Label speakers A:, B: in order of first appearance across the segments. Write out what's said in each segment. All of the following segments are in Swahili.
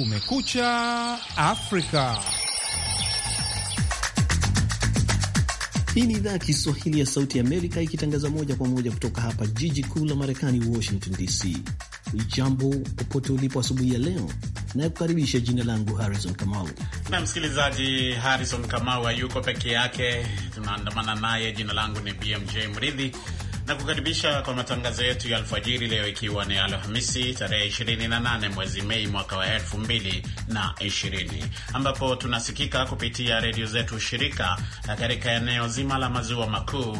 A: Kumekucha Afrika.
B: Hii ni idhaa ya Kiswahili ya Sauti ya Amerika ikitangaza moja kwa moja kutoka hapa jiji kuu la Marekani, Washington DC. Jambo popote ulipo, asubuhi ya leo nayekukaribisha. Jina langu Harrison Kamau
A: na msikilizaji, Harrison Kamau hayuko peke yake, tunaandamana naye. Jina langu ni BMJ Mridhi na kukaribisha kwa matangazo yetu ya alfajiri leo, ikiwa ni Alhamisi tarehe 28 mwezi Mei mwaka wa 2020 ambapo tunasikika kupitia redio zetu shirika katika eneo zima la maziwa makuu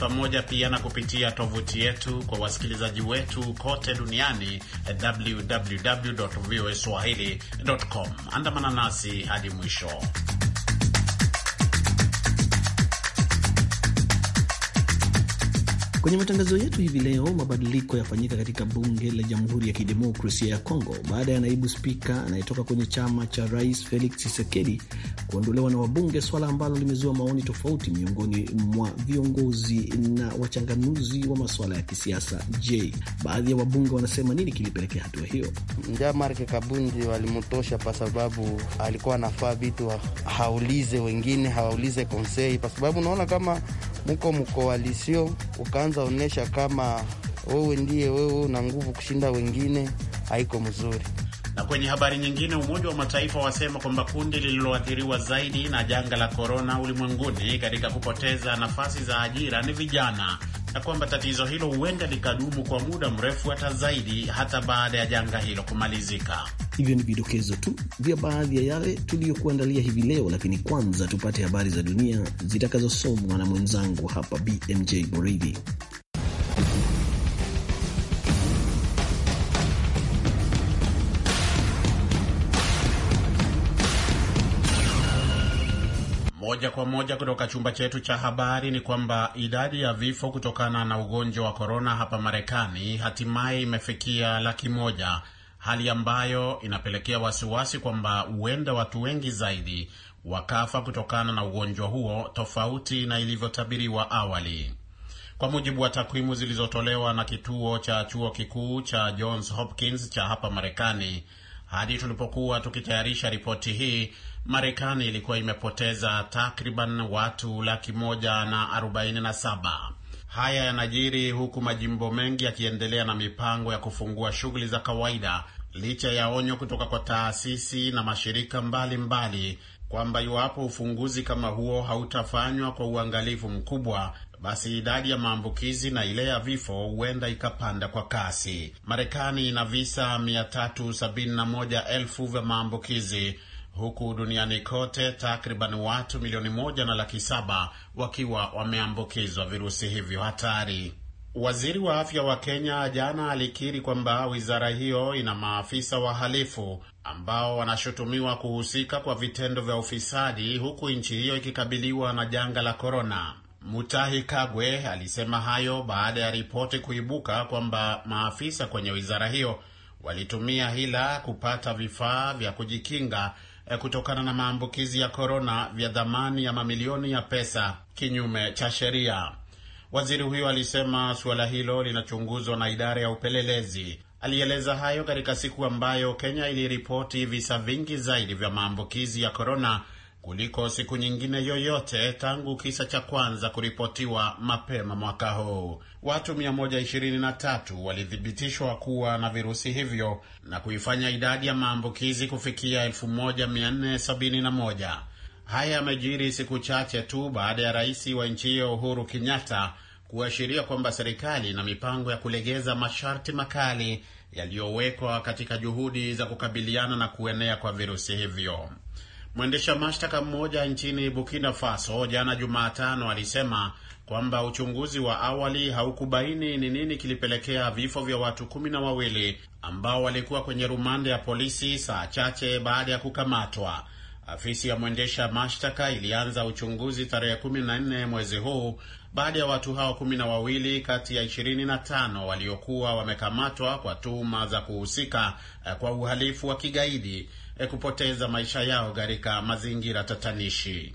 A: pamoja pia na kupitia tovuti yetu kwa wasikilizaji wetu kote duniani www vo swahili com. Andamana nasi hadi mwisho.
B: Kwenye matangazo yetu hivi leo, mabadiliko yafanyika katika bunge la Jamhuri ya Kidemokrasia ya Kongo baada ya naibu spika anayetoka kwenye chama cha rais Felix Tshisekedi kuondolewa na wabunge, swala ambalo limezua maoni tofauti miongoni mwa viongozi na wachanganuzi wa masuala ya kisiasa. Je, baadhi ya wabunge wanasema nini kilipelekea hatua hiyo? Nja Mark Kabundi walimtosha kwa sababu alikuwa anafaa vitu haulize wengine, hawaulize konsei, kwa sababu unaona kama mko mkoalisio uka unaanza onyesha kama wewe ndiye wewe una nguvu kushinda wengine, haiko mzuri.
A: Na kwenye habari nyingine, Umoja wa Mataifa wasema kwamba kundi lililoathiriwa zaidi na janga la korona ulimwenguni katika kupoteza nafasi za ajira ni vijana na kwamba tatizo hilo huenda likadumu kwa muda mrefu hata zaidi hata baada ya janga hilo kumalizika.
B: Hivyo ni vidokezo tu vya baadhi ya yale tuliyokuandalia hivi leo, lakini kwanza tupate habari za dunia zitakazosomwa na mwenzangu hapa BMJ Boridhi.
A: Moja kwa moja kutoka chumba chetu cha habari ni kwamba idadi ya vifo kutokana na ugonjwa wa korona hapa Marekani hatimaye imefikia laki moja, hali ambayo inapelekea wasiwasi kwamba huenda watu wengi zaidi wakafa kutokana na ugonjwa huo tofauti na ilivyotabiriwa awali. Kwa mujibu wa takwimu zilizotolewa na kituo cha chuo kikuu cha Johns Hopkins cha hapa Marekani, hadi tulipokuwa tukitayarisha ripoti hii Marekani ilikuwa imepoteza takriban watu laki moja na arobaini na saba. Haya yanajiri huku majimbo mengi yakiendelea na mipango ya kufungua shughuli za kawaida licha ya onyo kutoka kwa taasisi na mashirika mbalimbali kwamba iwapo ufunguzi kama huo hautafanywa kwa uangalifu mkubwa, basi idadi ya maambukizi na ile ya vifo huenda ikapanda kwa kasi. Marekani ina visa 371,000 vya maambukizi huku duniani kote takriban watu milioni moja na laki saba wakiwa wameambukizwa virusi hivyo hatari. Waziri wa afya wa Kenya jana alikiri kwamba wizara hiyo ina maafisa wahalifu ambao wanashutumiwa kuhusika kwa vitendo vya ufisadi huku nchi hiyo ikikabiliwa na janga la korona. Mutahi Kagwe alisema hayo baada ya ripoti kuibuka kwamba maafisa kwenye wizara hiyo walitumia hila kupata vifaa vya kujikinga Eh, kutokana na maambukizi ya korona vya dhamani ya mamilioni ya pesa kinyume cha sheria. Waziri huyo alisema suala hilo linachunguzwa na idara ya upelelezi. Alieleza hayo katika siku ambayo Kenya iliripoti visa vingi zaidi vya maambukizi ya korona kuliko siku nyingine yoyote tangu kisa cha kwanza kuripotiwa mapema mwaka huu. Watu 123 walithibitishwa kuwa na virusi hivyo na kuifanya idadi ya maambukizi kufikia 1471. Haya yamejiri siku chache tu baada ya rais wa nchi hiyo Uhuru Kenyatta kuashiria kwamba serikali ina mipango ya kulegeza masharti makali yaliyowekwa katika juhudi za kukabiliana na kuenea kwa virusi hivyo. Mwendesha mashtaka mmoja nchini Burkina Faso jana Jumatano alisema kwamba uchunguzi wa awali haukubaini ni nini kilipelekea vifo vya watu kumi na wawili ambao walikuwa kwenye rumande ya polisi saa chache baada ya kukamatwa. Afisi ya mwendesha mashtaka ilianza uchunguzi tarehe 14 mwezi huu baada ya watu hao kumi na wawili kati ya ishirini na tano waliokuwa wamekamatwa kwa tuhuma za kuhusika eh, kwa uhalifu wa kigaidi eh, kupoteza maisha yao katika mazingira tatanishi.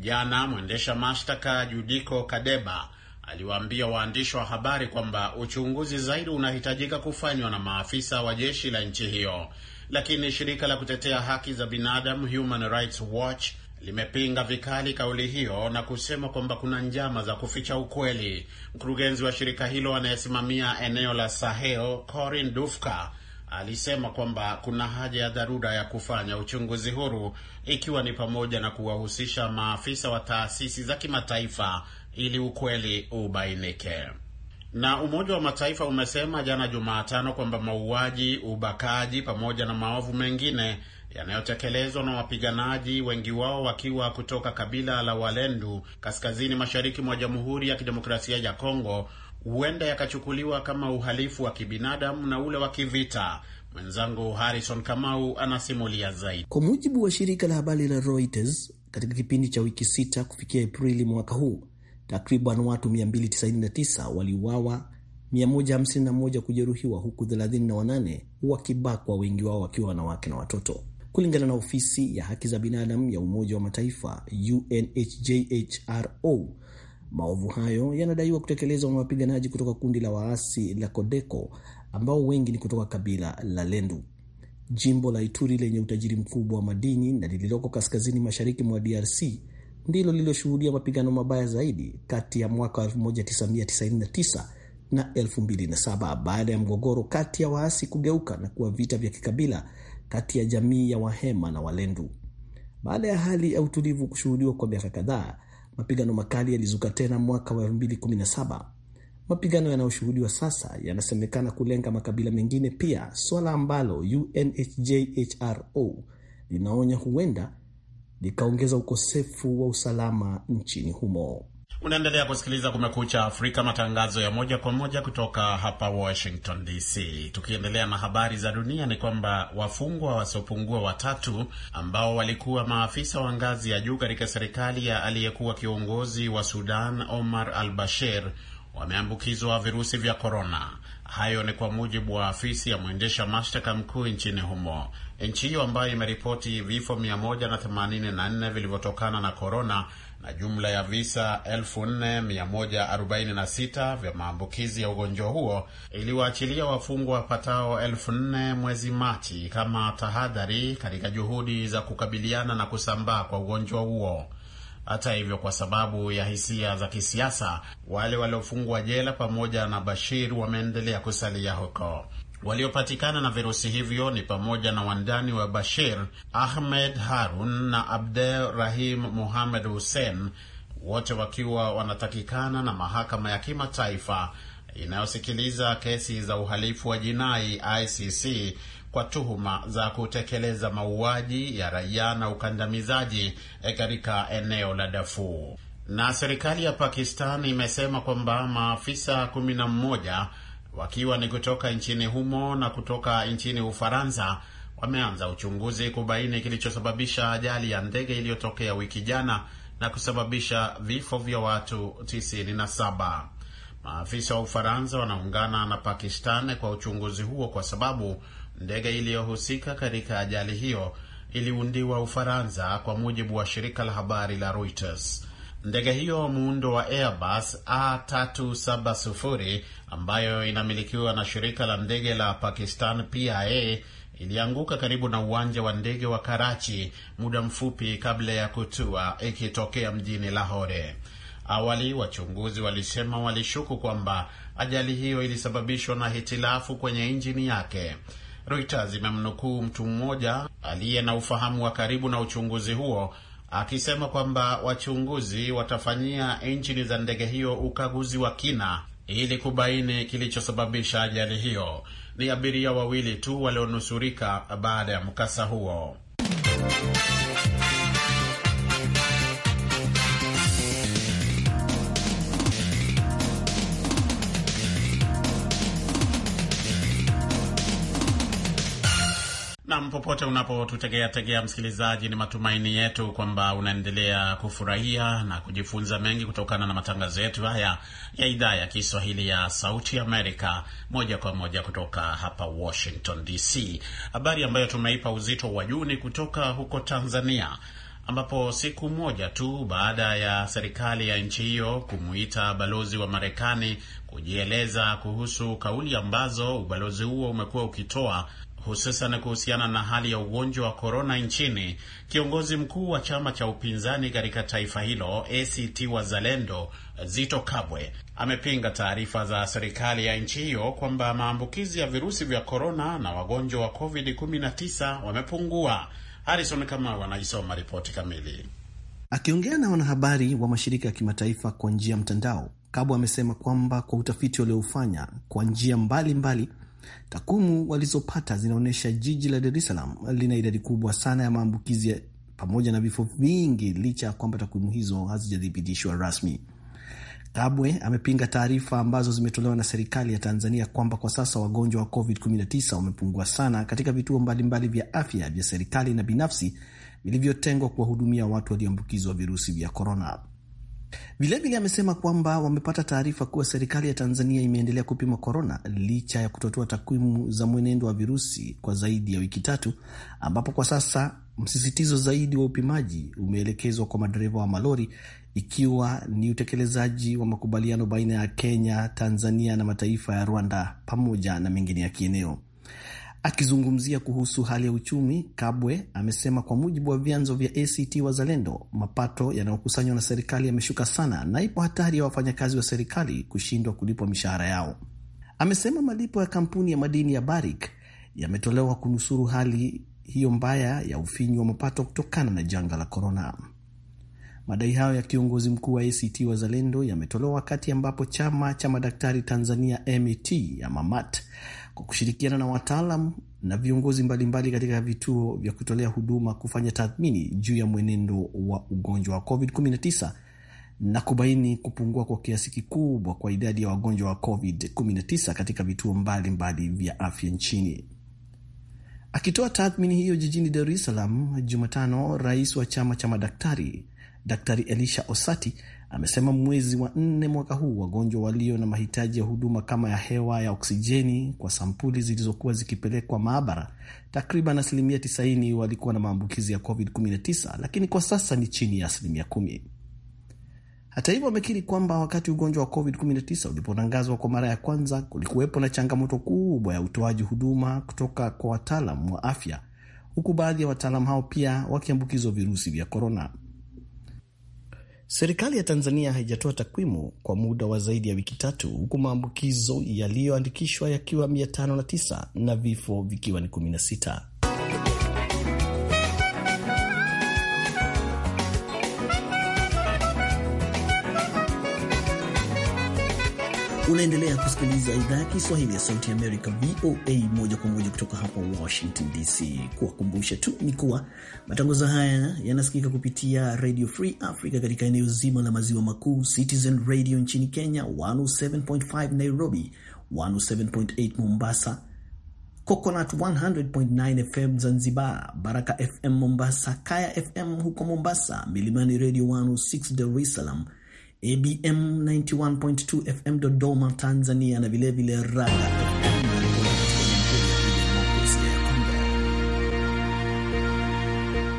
A: Jana mwendesha mashtaka Judiko Kadeba aliwaambia waandishi wa habari kwamba uchunguzi zaidi unahitajika kufanywa na maafisa wa jeshi la nchi hiyo, lakini shirika la kutetea haki za binadamu Human Rights Watch limepinga vikali kauli hiyo na kusema kwamba kuna njama za kuficha ukweli. Mkurugenzi wa shirika hilo anayesimamia eneo la Sahel, Corin Dufka, alisema kwamba kuna haja ya dharura ya kufanya uchunguzi huru, ikiwa ni pamoja na kuwahusisha maafisa wa taasisi za kimataifa ili ukweli ubainike. Na Umoja wa Mataifa umesema jana Jumatano kwamba mauaji, ubakaji pamoja na maovu mengine yanayotekelezwa na wapiganaji, wengi wao wakiwa kutoka kabila la Walendu kaskazini mashariki mwa Jamhuri ya Kidemokrasia ya Kongo, huenda yakachukuliwa kama uhalifu wa kibinadamu na ule wa kivita. Mwenzangu Harrison Kamau anasimulia zaidi.
B: Kwa mujibu wa shirika la habari la Reuters, katika kipindi cha wiki sita kufikia Aprili mwaka huu, takriban watu 299 waliuawa, 151 kujeruhiwa, huku 38 wakibakwa, wengi wao wakiwa wanawake na watoto kulingana na ofisi ya haki za binadamu ya Umoja wa Mataifa UNHJHRO. Maovu hayo yanadaiwa kutekelezwa na wapiganaji kutoka kundi la waasi la Kodeko ambao wengi ni kutoka kabila la Lendu. Jimbo la Ituri lenye utajiri mkubwa wa madini na lililoko kaskazini mashariki mwa DRC ndilo lililoshuhudia mapigano mabaya zaidi kati ya mwaka 1999 na 2007 baada ya mgogoro kati ya waasi kugeuka na kuwa vita vya kikabila kati ya jamii ya Wahema na Walendu. Baada ya hali ya utulivu kushuhudiwa kwa miaka kadhaa, mapigano makali yalizuka tena mwaka wa 2017. Mapigano yanayoshuhudiwa sasa yanasemekana kulenga makabila mengine pia, swala ambalo UNHJHRO linaonya huenda likaongeza ukosefu wa usalama nchini humo.
A: Unaendelea kusikiliza Kumekucha Afrika, matangazo ya moja kwa moja kutoka hapa Washington DC. Tukiendelea na habari za dunia, ni kwamba wafungwa wasiopungua watatu ambao walikuwa maafisa wa ngazi ya juu katika serikali ya aliyekuwa kiongozi wa Sudan Omar al Bashir wameambukizwa virusi vya korona. Hayo ni kwa mujibu wa afisi ya mwendesha mashtaka mkuu nchini humo. Nchi hiyo ambayo imeripoti vifo 184 vilivyotokana na korona na jumla ya visa 4146 vya maambukizi ya ugonjwa huo iliwaachilia wafungwa wapatao 4000 mwezi Machi kama tahadhari katika juhudi za kukabiliana na kusambaa kwa ugonjwa huo. Hata hivyo, kwa sababu ya hisia za kisiasa, wale waliofungwa jela pamoja na Bashir wameendelea kusalia huko. Waliopatikana na virusi hivyo ni pamoja na wandani wa Bashir, Ahmed Harun na Abdel Rahim Mohamed Hussein, wote wakiwa wanatakikana na mahakama ya kimataifa inayosikiliza kesi za uhalifu wa jinai ICC kwa tuhuma za kutekeleza mauaji ya raia na ukandamizaji eh, katika eneo la Darfur. Na serikali ya Pakistan imesema kwamba maafisa kumi na mmoja wakiwa ni kutoka nchini humo na kutoka nchini Ufaransa wameanza uchunguzi kubaini kilichosababisha ajali ya ndege iliyotokea wiki jana na kusababisha vifo vya watu 97. Maafisa wa Ufaransa wanaungana na Pakistan kwa uchunguzi huo kwa sababu ndege iliyohusika katika ajali hiyo iliundiwa Ufaransa, kwa mujibu wa shirika la habari la Reuters. Ndege hiyo muundo wa Airbus A370 ambayo inamilikiwa na shirika la ndege la Pakistan PIA ilianguka karibu na uwanja wa ndege wa Karachi muda mfupi kabla ya kutua ikitokea mjini Lahore. Awali wachunguzi walisema walishuku kwamba ajali hiyo ilisababishwa na hitilafu kwenye injini yake. Reuters imemnukuu mtu mmoja aliye na ufahamu wa karibu na uchunguzi huo akisema kwamba wachunguzi watafanyia injini za ndege hiyo ukaguzi wa kina ili kubaini kilichosababisha ajali hiyo. Ni abiria wawili tu walionusurika baada ya mkasa huo. Nam, popote unapotutegea tegea, msikilizaji, ni matumaini yetu kwamba unaendelea kufurahia na kujifunza mengi kutokana na matangazo yetu haya ya idhaa ya Kiswahili ya Sauti Amerika, moja kwa moja kutoka hapa Washington DC. Habari ambayo tumeipa uzito wa juu ni kutoka huko Tanzania ambapo siku moja tu baada ya serikali ya nchi hiyo kumuita balozi wa Marekani kujieleza kuhusu kauli ambazo ubalozi huo umekuwa ukitoa hususan kuhusiana na hali ya ugonjwa wa korona nchini. Kiongozi mkuu wa chama cha upinzani katika taifa hilo ACT Wazalendo, Zito Kabwe, amepinga taarifa za serikali ya nchi hiyo kwamba maambukizi ya virusi vya korona na wagonjwa wa covid-19 wamepungua. Harison Kamau anaisoma ripoti kamili.
B: Akiongea na wanahabari wa mashirika ya kimataifa kwa njia ya mtandao, Kabwe amesema kwamba kwa utafiti waliofanya kwa njia mbalimbali mbali, Takwimu walizopata zinaonyesha jiji la Dar es Salaam lina idadi kubwa sana ya maambukizi pamoja na vifo vingi, licha ya kwamba takwimu hizo hazijathibitishwa rasmi. Kabwe amepinga taarifa ambazo zimetolewa na serikali ya Tanzania kwamba kwa sasa wagonjwa wa COVID-19 wamepungua sana katika vituo mbalimbali vya afya vya serikali na binafsi vilivyotengwa kuwahudumia watu walioambukizwa virusi vya korona. Vilevile amesema kwamba wamepata taarifa kuwa serikali ya Tanzania imeendelea kupima korona licha ya kutotoa takwimu za mwenendo wa virusi kwa zaidi ya wiki tatu, ambapo kwa sasa msisitizo zaidi wa upimaji umeelekezwa kwa madereva wa malori, ikiwa ni utekelezaji wa makubaliano baina ya Kenya, Tanzania na mataifa ya Rwanda pamoja na mengine ya kieneo. Akizungumzia kuhusu hali ya uchumi, Kabwe amesema kwa mujibu wa vyanzo vya ACT Wazalendo, mapato yanayokusanywa na serikali yameshuka sana na ipo hatari ya wafanyakazi wa serikali kushindwa kulipwa mishahara yao. Amesema malipo ya kampuni ya madini ya Barrick yametolewa kunusuru hali hiyo mbaya ya ufinyu wa mapato kutokana na janga la korona. Madai hayo ya kiongozi mkuu wa ACT Wazalendo yametolewa wakati ambapo chama cha madaktari Tanzania mat e ya MAMAT kwa kushirikiana na wataalam na viongozi mbalimbali katika vituo vya kutolea huduma kufanya tathmini juu ya mwenendo wa ugonjwa wa COVID-19 na kubaini kupungua kwa kiasi kikubwa kwa idadi ya wagonjwa wa COVID-19 katika vituo mbalimbali mbali vya afya nchini. Akitoa tathmini hiyo jijini Dar es Salaam Jumatano, rais wa chama cha madaktari Daktari Elisha Osati amesema mwezi wa nne mwaka huu wagonjwa walio na mahitaji ya huduma kama ya hewa ya oksijeni kwa sampuli zilizokuwa zikipelekwa maabara, takriban asilimia 90 walikuwa na maambukizi ya COVID-19, lakini kwa sasa ni chini ya asilimia 10. Hata hivyo, amekiri kwamba wakati ugonjwa wa COVID-19 ulipotangazwa kwa mara ya kwanza, kulikuwepo na changamoto kubwa ya utoaji huduma kutoka kwa wataalam wa afya, huku baadhi ya wataalam hao pia wakiambukizwa virusi vya korona. Serikali ya Tanzania haijatoa takwimu kwa muda wa zaidi ya wiki tatu, huku maambukizo yaliyoandikishwa yakiwa 509 na vifo vikiwa ni 16. Unaendelea kusikiliza idhaa ya Kiswahili ya Sauti Amerika, VOA, moja kwa moja kutoka hapa Washington DC. Kuwakumbusha tu ni kuwa matangazo haya yanasikika kupitia Radio Free Africa katika eneo zima la maziwa makuu, Citizen Radio nchini Kenya 107.5 Nairobi, 107.8 Mombasa, Coconut 100.9 FM Zanzibar, Baraka FM Mombasa, Kaya FM huko Mombasa, Milimani Radio 106 Dar es Salaam ABM 91.2 FM Dodoma Tanzania, na vilevile Raga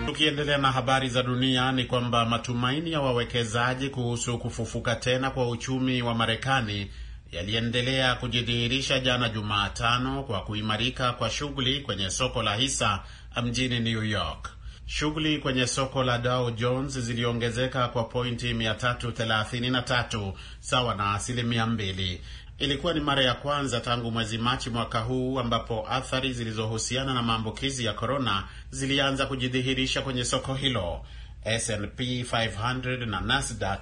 A: Tukiendelea na habari za dunia ni kwamba matumaini ya wawekezaji kuhusu kufufuka tena kwa uchumi wa Marekani yaliendelea kujidhihirisha jana Jumatano kwa kuimarika kwa shughuli kwenye soko la hisa mjini New York. Shughuli kwenye soko la Dow Jones ziliongezeka kwa pointi 333 sawa na asilimia 2. Ilikuwa ni mara ya kwanza tangu mwezi Machi mwaka huu ambapo athari zilizohusiana na maambukizi ya korona zilianza kujidhihirisha kwenye soko hilo. S&P 500 na Nasdaq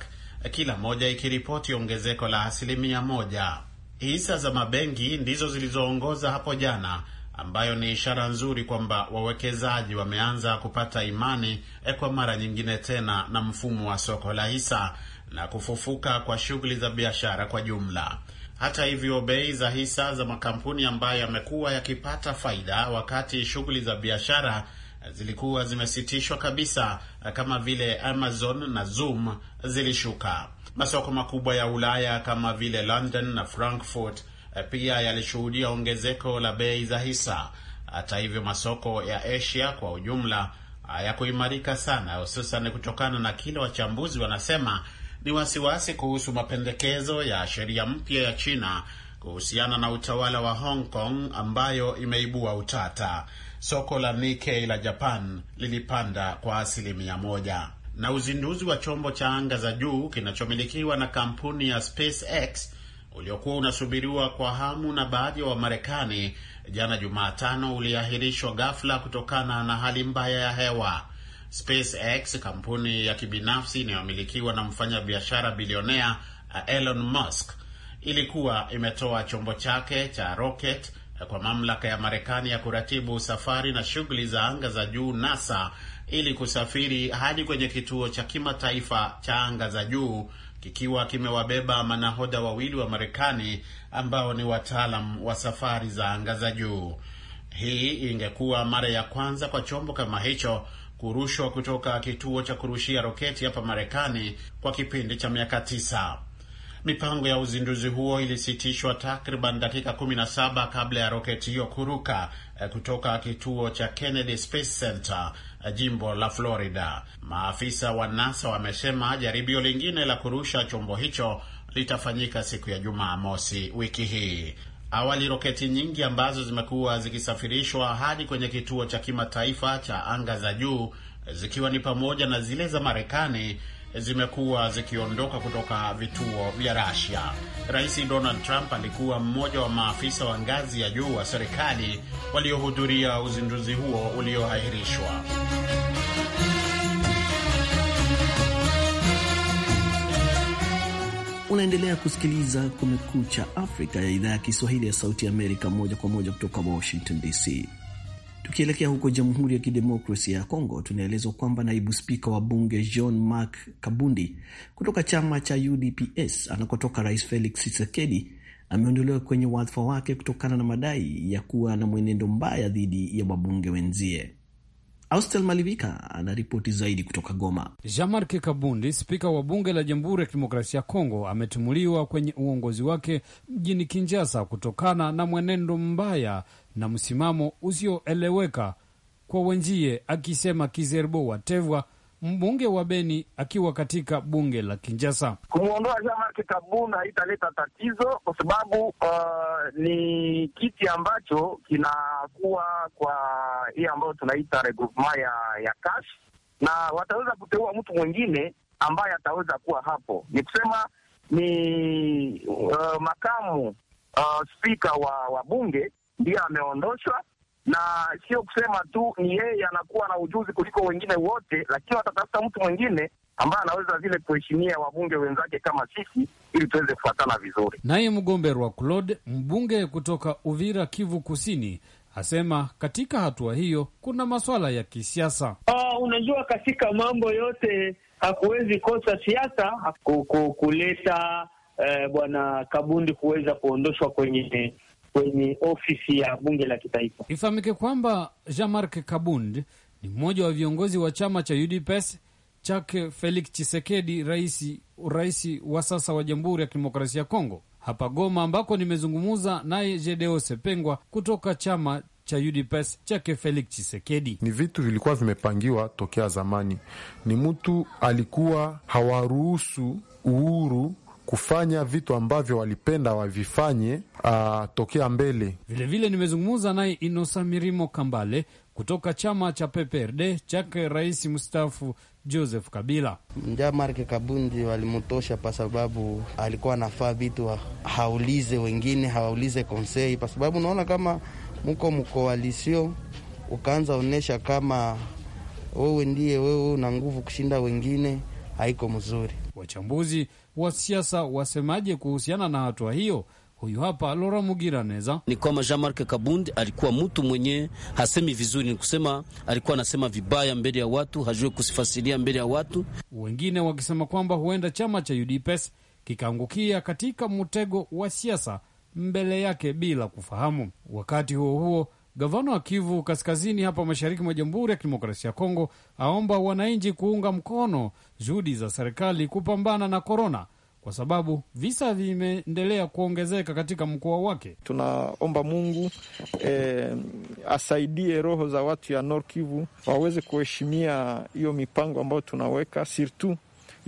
A: kila moja ikiripoti ongezeko la asilimia moja. Hisa za mabengi ndizo zilizoongoza hapo jana ambayo ni ishara nzuri kwamba wawekezaji wameanza kupata imani eh, kwa mara nyingine tena na mfumo wa soko la hisa na kufufuka kwa shughuli za biashara kwa jumla. Hata hivyo, bei za hisa za makampuni ambayo yamekuwa yakipata faida wakati shughuli za biashara eh, zilikuwa zimesitishwa kabisa eh, kama vile Amazon na Zoom zilishuka. Masoko makubwa ya Ulaya kama vile London na Frankfurt Eh, pia yalishuhudia ongezeko la bei za hisa. Hata hivyo, masoko ya Asia kwa ujumla ah, hayakuimarika sana, hususan kutokana na kile wachambuzi wanasema ni wasiwasi kuhusu mapendekezo ya sheria mpya ya China kuhusiana na utawala wa Hong Kong ambayo imeibua utata. Soko la Nikkei la Japan lilipanda kwa asilimia moja, na uzinduzi wa chombo cha anga za juu kinachomilikiwa na kampuni ya SpaceX uliokuwa unasubiriwa kwa hamu na baadhi ya wa Wamarekani jana Jumatano uliahirishwa ghafla kutokana na hali mbaya ya hewa. SpaceX, kampuni ya kibinafsi inayomilikiwa na mfanyabiashara bilionea eh, Elon Musk, ilikuwa imetoa chombo chake cha rocket eh, kwa mamlaka ya Marekani ya kuratibu safari na shughuli za anga za juu NASA ili kusafiri hadi kwenye kituo cha kimataifa cha anga za juu kikiwa kimewabeba manahodha wawili wa Marekani ambao ni wataalam wa safari za anga za juu. Hii ingekuwa mara ya kwanza kwa chombo kama hicho kurushwa kutoka kituo cha kurushia roketi hapa Marekani kwa kipindi cha miaka tisa. Mipango ya uzinduzi huo ilisitishwa takriban dakika 17 kabla ya roketi hiyo kuruka eh, kutoka kituo cha Kennedy Space Center eh, jimbo la Florida. Maafisa wa NASA wamesema jaribio lingine la kurusha chombo hicho litafanyika siku ya Jumamosi wiki hii. Awali roketi nyingi ambazo zimekuwa zikisafirishwa hadi kwenye kituo cha kimataifa cha anga za juu eh, zikiwa ni pamoja na zile za Marekani zimekuwa zikiondoka kutoka vituo vya Russia. Rais Donald Trump alikuwa mmoja wa maafisa wa ngazi ya juu wa serikali waliohudhuria uzinduzi huo ulioahirishwa.
B: Unaendelea kusikiliza Kumekucha Afrika ya idhaa ya Kiswahili ya Sauti ya Amerika, moja kwa moja kutoka Washington DC. Tukielekea huko Jamhuri ya Kidemokrasia ya Kongo, tunaelezwa kwamba naibu spika wa bunge John mark Kabundi kutoka chama cha UDPS anakotoka Rais Felix Tshisekedi ameondolewa kwenye wadhifa wake kutokana na madai ya kuwa na mwenendo mbaya dhidi ya wabunge wenzie. Austel
C: Malivika anaripoti zaidi kutoka Goma. Jean-Marc Kabundi, spika wa bunge la Jamhuri ya Kidemokrasia ya Kongo, ametumuliwa kwenye uongozi wake mjini Kinshasa kutokana na mwenendo mbaya na msimamo usioeleweka kwa wenjie, akisema Kizerbo Watevwa Mbunge wa Beni akiwa katika bunge la Kinjasa.
B: kumwondoa Jean-Marc haitaleta tatizo kwa sababu uh, ni kiti ambacho kinakuwa kwa hii ambayo tunaita regroupement ya, ya kash na wataweza kuteua mtu mwingine ambaye ataweza kuwa hapo. Ni kusema ni uh, makamu uh, spika wa, wa bunge ndiye ameondoshwa na sio kusema tu ni yeye anakuwa na ujuzi
C: kuliko wengine wote, lakini watatafuta mtu mwingine ambaye anaweza vile kuheshimia wabunge wenzake kama sisi, ili tuweze kufuatana vizuri. Naye mgombe wa Claude, mbunge kutoka Uvira, Kivu Kusini, asema katika hatua hiyo kuna masuala ya kisiasa. Uh, unajua katika mambo yote hakuwezi kosa siasa kuleta eh, bwana Kabundi kuweza kuondoshwa kwenye kwenye ofisi ya bunge la kitaifa. Ifahamike kwamba Jean Marc Kabund ni mmoja wa viongozi wa chama cha UDPS chake Felix Chisekedi, rais rais wa sasa wa Jamhuri ya Kidemokrasia ya Kongo, hapa Goma ambako nimezungumza naye Jedeo Sepengwa kutoka chama cha UDPS chake Felix Chisekedi. Ni vitu vilikuwa vimepangiwa tokea zamani, ni mtu alikuwa hawaruhusu
A: uhuru kufanya vitu ambavyo walipenda wavifanye uh, tokea mbele.
C: Vilevile nimezungumza naye Inosa Mirimo Kambale kutoka chama cha PPRD chake rais mstaafu Joseph Kabila. Mja Mark Kabundi walimutosha kwa sababu alikuwa anafaa vitu haulize wengine, hawaulize konsei, kwa
B: sababu unaona kama mko mkoalisio, ukaanza onyesha kama
C: wewe ndiye wewe una nguvu kushinda wengine, haiko mzuri. Wachambuzi Wasiasa wasemaje kuhusiana na hatua hiyo? Huyu hapa Lora neza Ni kwamba Jean Marc Kabund alikuwa mtu mwenye hasemi vizuri, ni kusema alikuwa anasema vibaya mbele ya watu, hajue kusifasilia mbele ya watu wengine, wakisema kwamba huenda chama cha UDPS kikaangukia katika mtego wa siasa mbele yake bila kufahamu. Wakati huo huo Gavana wa Kivu Kaskazini hapa mashariki mwa Jamhuri ya Kidemokrasia ya Kongo aomba wananchi kuunga mkono juhudi za serikali kupambana na korona kwa sababu visa vimeendelea kuongezeka katika mkoa wake. Tunaomba Mungu eh, asaidie roho za watu ya Nord Kivu waweze kuheshimia hiyo mipango ambayo tunaweka surtout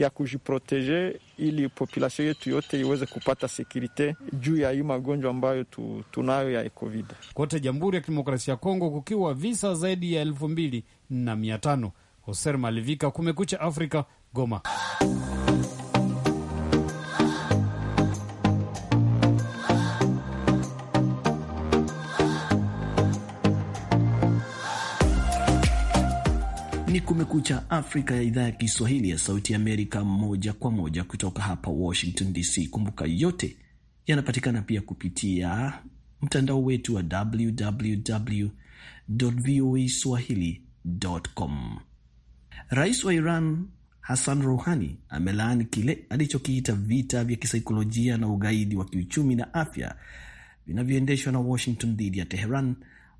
C: ya kujiproteje ili population yetu yote iweze kupata sekurite juu ya hii magonjwa ambayo tu, tunayo ya COVID kote Jamhuri ya Kidemokrasia ya Kongo, kukiwa visa zaidi ya elfu mbili na mia tano. Hoser Malivika, Kumekucha Afrika, Goma.
B: Kumekucha Afrika ya idhaa ya Kiswahili ya Sauti Amerika, moja kwa moja kutoka hapa Washington DC. Kumbuka yote yanapatikana pia kupitia mtandao wetu wa www voa swahili com. Rais wa Iran Hassan Rouhani amelaani kile alichokiita vita vya kisaikolojia na ugaidi wa kiuchumi na afya vinavyoendeshwa na Washington dhidi ya Teheran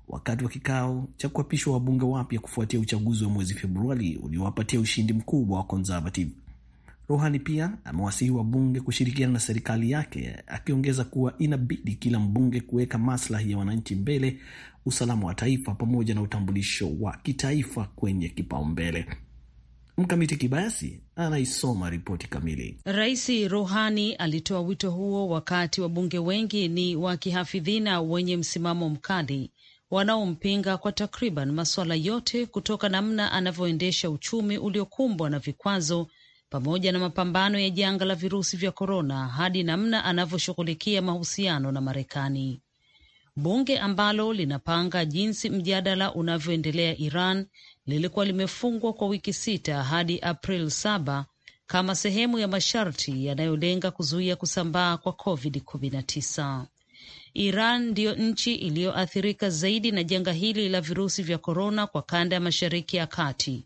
B: wakati wa kikao cha kuapishwa wabunge wapya kufuatia uchaguzi wa mwezi Februari uliowapatia ushindi mkubwa wa Conservative. Rohani pia amewasihi wabunge kushirikiana na serikali yake, akiongeza kuwa inabidi kila mbunge kuweka maslahi ya wananchi mbele, usalama wa taifa pamoja na utambulisho wa kitaifa kwenye kipaumbele. Mkamiti Kibayasi anaisoma ripoti kamili.
D: Rais Rohani alitoa wito huo wakati wabunge wengi ni wakihafidhina wenye msimamo mkali wanaompinga kwa takriban masuala yote kutoka namna anavyoendesha uchumi uliokumbwa na vikwazo pamoja na mapambano ya janga la virusi vya korona hadi namna anavyoshughulikia mahusiano na Marekani. Bunge ambalo linapanga jinsi mjadala unavyoendelea Iran lilikuwa limefungwa kwa wiki sita hadi April saba kama sehemu ya masharti yanayolenga kuzuia kusambaa kwa COVID-19. Iran ndiyo nchi iliyoathirika zaidi na janga hili la virusi vya korona kwa kanda ya Mashariki ya Kati.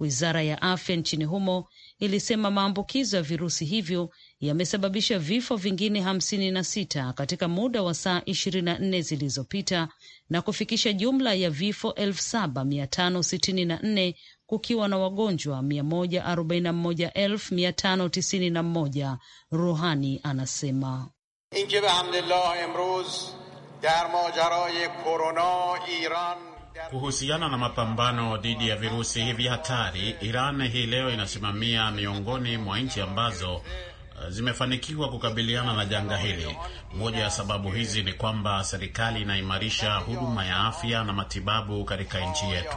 D: Wizara ya afya nchini humo ilisema maambukizo ya virusi hivyo yamesababisha vifo vingine hamsini na sita katika muda wa saa ishirini na nne zilizopita na kufikisha jumla ya vifo elfu saba mia tano sitini na nne kukiwa na wagonjwa mia moja arobaini na moja elfu mia tano tisini na moja. Ruhani anasema
A: اینکه به امروز در ماجرای کرونا ایران Kuhusiana na mapambano dhidi ya virusi hivi hatari, Iran hii leo inasimamia miongoni mwa nchi ambazo eh, zimefanikiwa kukabiliana na janga hili. Moja ya sababu hizi ni kwamba serikali inaimarisha huduma ya afya na matibabu katika nchi yetu.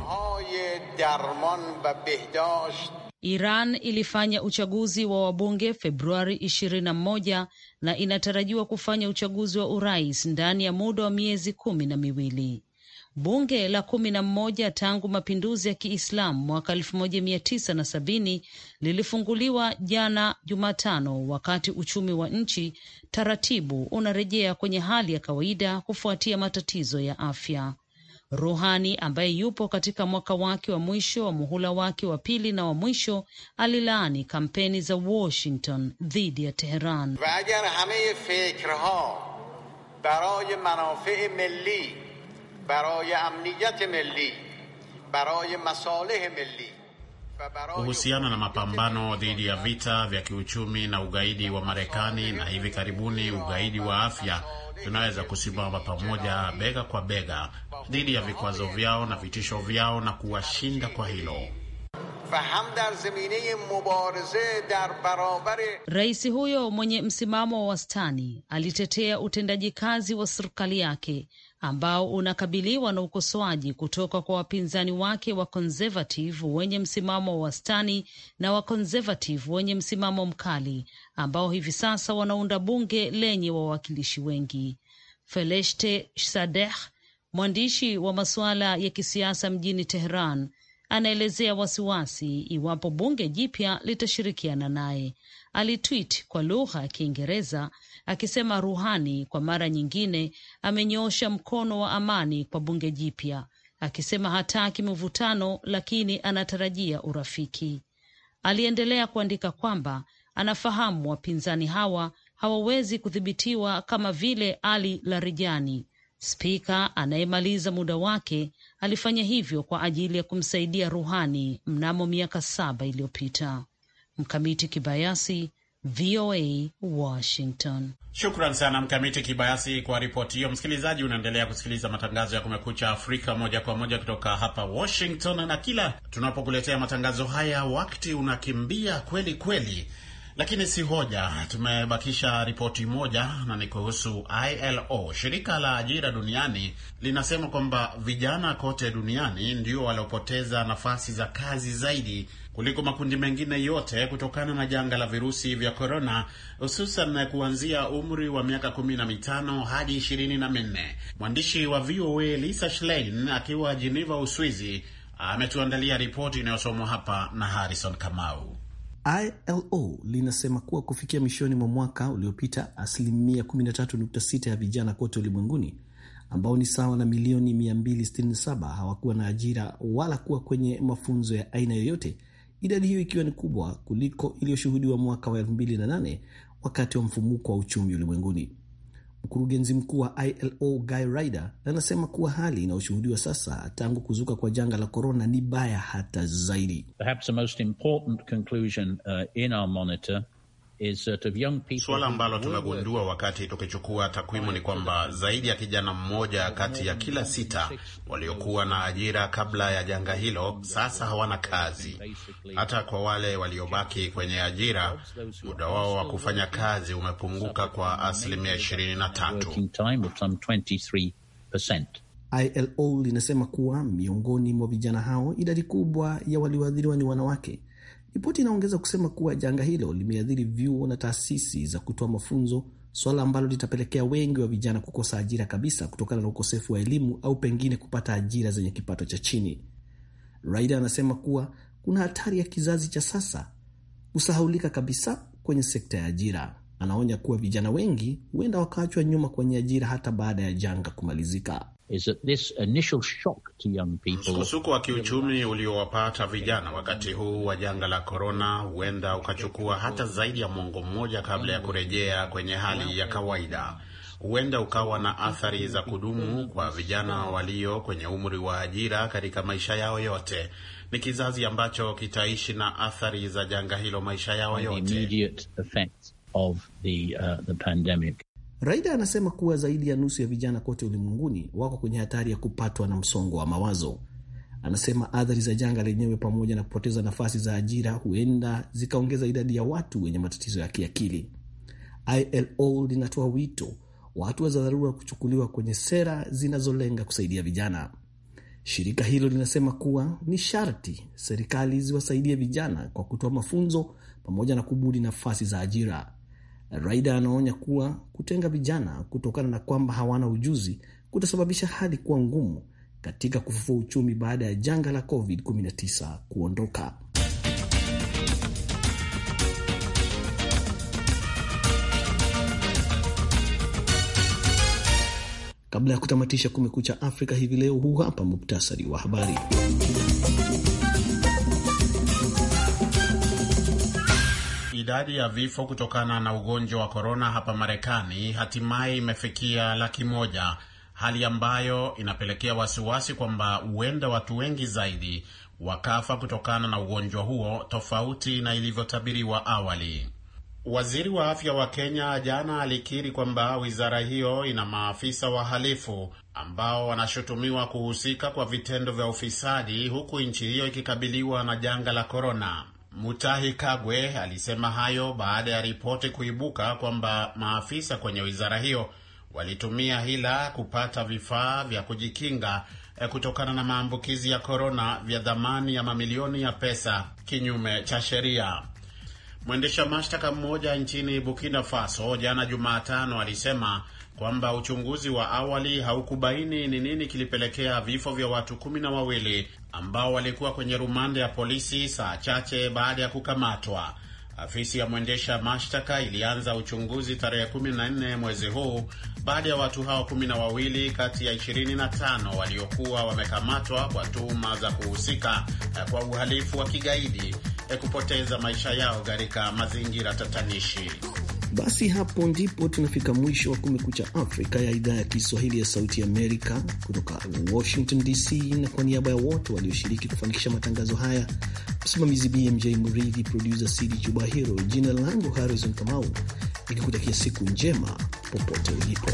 D: Iran ilifanya uchaguzi wa wabunge Februari 21 na inatarajiwa kufanya uchaguzi wa urais ndani ya muda wa miezi kumi na miwili. Bunge la kumi na mmoja tangu mapinduzi ya Kiislamu mwaka 1970 lilifunguliwa jana Jumatano, wakati uchumi wa nchi taratibu unarejea kwenye hali ya kawaida kufuatia matatizo ya afya. Ruhani ambaye yupo katika mwaka wake wa mwisho wa muhula wake wa pili na wa mwisho alilaani kampeni za Washington dhidi ya Teheran
A: kuhusiana na mapambano dhidi ya vita vya kiuchumi na ugaidi wa Marekani na hivi karibuni ugaidi wa afya, tunaweza kusimama pamoja bega kwa bega dhidi ya vikwazo vyao na vitisho vyao na kuwashinda kwa hilo.
D: Rais huyo mwenye msimamo wa wastani alitetea utendaji kazi wa serikali yake ambao unakabiliwa na ukosoaji kutoka kwa wapinzani wake wa conservative wenye msimamo wa wastani na wa conservative wenye msimamo mkali ambao hivi sasa wanaunda bunge lenye wawakilishi wengi. Feleshte Sadeh, mwandishi wa masuala ya kisiasa mjini Tehran, anaelezea wasiwasi iwapo bunge jipya litashirikiana naye. Alitwit kwa lugha ya Kiingereza akisema Ruhani kwa mara nyingine amenyoosha mkono wa amani kwa bunge jipya, akisema hataki mvutano lakini anatarajia urafiki. Aliendelea kuandika kwamba anafahamu wapinzani hawa hawawezi kudhibitiwa kama vile Ali Larijani, spika anayemaliza muda wake, alifanya hivyo kwa ajili ya kumsaidia Ruhani mnamo miaka saba iliyopita. Mkamiti Kibayasi, VOA Washington.
A: Shukran sana Mkamiti Kibayasi kwa ripoti hiyo. Msikilizaji, unaendelea kusikiliza matangazo ya Kumekucha Afrika moja kwa moja kutoka hapa Washington, na kila tunapokuletea matangazo haya wakati unakimbia kweli kweli, lakini si hoja. Tumebakisha ripoti moja na ni kuhusu ILO, shirika la ajira duniani linasema kwamba vijana kote duniani ndio waliopoteza nafasi za kazi zaidi kuliko makundi mengine yote kutokana na janga la virusi vya korona, hususan kuanzia umri wa miaka kumi na mitano hadi ishirini na minne. Mwandishi wa VOA Lisa Schlein akiwa jeneva Uswizi, ametuandalia ripoti inayosomwa hapa na Harrison Kamau.
B: ILO linasema kuwa kufikia mwishoni mwa mwaka uliopita asilimia 13.6 ya vijana kote ulimwenguni ambao ni sawa na milioni 267 hawakuwa na ajira wala kuwa kwenye mafunzo ya aina yoyote idadi hiyo ikiwa ni kubwa kuliko iliyoshuhudiwa mwaka wa 2008 wakati wa mfumuko wa uchumi ulimwenguni. Mkurugenzi mkuu wa ILO Guy Ryder anasema kuwa hali inayoshuhudiwa sasa tangu kuzuka kwa janga la korona ni baya hata zaidi.
A: Perhaps the most important conclusion, uh, in our monitor Uh, Suala ambalo tumegundua wakati tukichukua takwimu ni kwamba zaidi ya kijana mmoja kati ya kila sita waliokuwa na ajira kabla ya janga hilo sasa hawana kazi. Hata kwa wale waliobaki kwenye ajira, muda wao wa kufanya kazi umepunguka kwa asilimia 23.
B: ILO linasema kuwa miongoni mwa vijana hao idadi kubwa ya walioathiriwa ni wanawake Ripoti inaongeza kusema kuwa janga hilo limeathiri vyuo na taasisi za kutoa mafunzo, suala ambalo litapelekea wengi wa vijana kukosa ajira kabisa kutokana na ukosefu wa elimu au pengine kupata ajira zenye kipato cha chini. Raida anasema kuwa kuna hatari ya kizazi cha sasa kusahaulika kabisa kwenye sekta ya ajira. Anaonya kuwa vijana wengi huenda wakaachwa nyuma kwenye ajira hata baada ya janga kumalizika. Is msukosuko
A: wa kiuchumi uliowapata vijana wakati huu wa janga la korona huenda ukachukua hata zaidi ya mwongo mmoja kabla ya kurejea kwenye hali ya kawaida. Huenda ukawa na athari za kudumu kwa vijana walio kwenye umri wa ajira katika maisha yao yote. Ni kizazi ambacho kitaishi na athari za janga hilo maisha yao yote.
B: The uh, Raida anasema kuwa zaidi ya nusu ya vijana kote ulimwenguni wako kwenye hatari ya kupatwa na msongo wa mawazo. Anasema athari za janga lenyewe pamoja na kupoteza nafasi za ajira huenda zikaongeza idadi ya watu wenye matatizo ya kiakili. ILO linatoa wito wa hatua za dharura kuchukuliwa kwenye sera zinazolenga kusaidia vijana. Shirika hilo linasema kuwa ni sharti serikali ziwasaidie vijana kwa kutoa mafunzo pamoja na kubuni nafasi za ajira. Raida anaonya kuwa kutenga vijana kutokana na kwamba hawana ujuzi kutasababisha hali kuwa ngumu katika kufufua uchumi baada ya janga la COVID-19 kuondoka. Kabla ya kutamatisha Kumekucha Afrika hivi leo, huu hapa muktasari wa habari.
A: idadi ya vifo kutokana na ugonjwa wa korona hapa Marekani hatimaye imefikia laki moja, hali ambayo inapelekea wasiwasi kwamba huenda watu wengi zaidi wakafa kutokana na ugonjwa huo tofauti na ilivyotabiriwa awali. Waziri wa afya wa Kenya jana alikiri kwamba wizara hiyo ina maafisa wahalifu ambao wanashutumiwa kuhusika kwa vitendo vya ufisadi, huku nchi hiyo ikikabiliwa na janga la korona. Mutahi Kagwe alisema hayo baada ya ripoti kuibuka kwamba maafisa kwenye wizara hiyo walitumia hila kupata vifaa vya kujikinga eh, kutokana na maambukizi ya korona vya dhamani ya mamilioni ya pesa kinyume cha sheria. Mwendesha mashtaka mmoja nchini Burkina Faso jana Jumatano alisema kwamba uchunguzi wa awali haukubaini ni nini kilipelekea vifo vya watu kumi na wawili ambao walikuwa kwenye rumande ya polisi saa chache baada ya kukamatwa. Afisi ya mwendesha mashtaka ilianza uchunguzi tarehe 14 mwezi huu baada ya watu hao kumi na wawili kati ya 25 waliokuwa wamekamatwa kwa tuhuma za kuhusika eh, kwa uhalifu wa kigaidi eh, kupoteza maisha yao katika mazingira tatanishi.
B: Basi hapo ndipo tunafika mwisho wa Kumekucha Afrika ya idhaa ya Kiswahili ya Sauti Amerika kutoka Washington DC, na kwa niaba ya wote walioshiriki kufanikisha matangazo haya, msimamizi BMJ mridhi produsa CD Chubahiro, jina langu Harrison Kamau, ikikutakia siku njema popote ulipo.